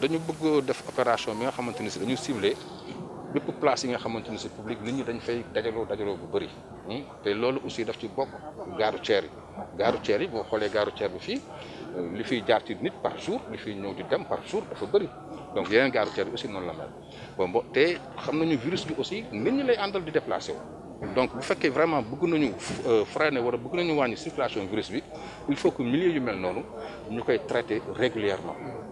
dañu bëgg def opération bi nga xamante ni si dañu cibile bépp place yi nga xamante ni si public nit ñi dañ fay dajaloo dajaloo bu bëri hmm? te loolu aussi daf ci bokk gaaru ceer yi gaaru yi boo xoolee gaaru ceer bi fii li fiy jaar ci nit par jour li fiy ñëw di dem par jour dafa bëri donc yeneen gaaru ceer bi aussi noonu la mel bon te xam nañu virus bi aussi nit ñi lay àndal di déplacé wu donc bu fekkee vraiment bëgg nañu euh, freiner wala bëgg nañu wàññi circulation virus bi il faut que milieu yu mel noonu ñu koy traité régulièrement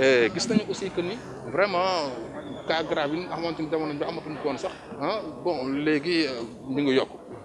Euh, gis nañu aussi que ni vraiment cas grave yi nga xamante ni jamono bi amatuñu ko sax ah bon léegi ñu euh, ngi yokk.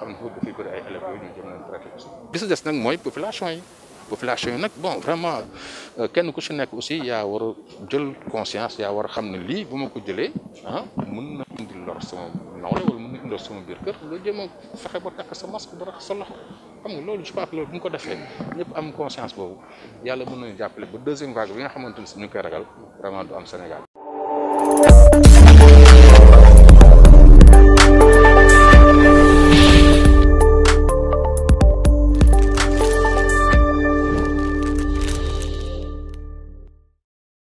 xam ne foofu dafay bëri ay élèves yooyu ñu jëm leen traité aussi. des nag mooy population yi population yi nag bon vraiment euh, kenn ku si nekk aussi yaa war jël conscience yaa war xam ne lii bu ma ko jëlee ah mun na indi lor sama nawle wala mun na indi lor sama biir kër nga jéem a fexe ba takk sa masque ba rax sa xam nga loolu je pense loolu bu ñu ko defee ñëpp am conscience boobu yàlla mun na jàppale ba deuxième vague bi nga xamante ne si ñu koy ragal vraiment du am Sénégal.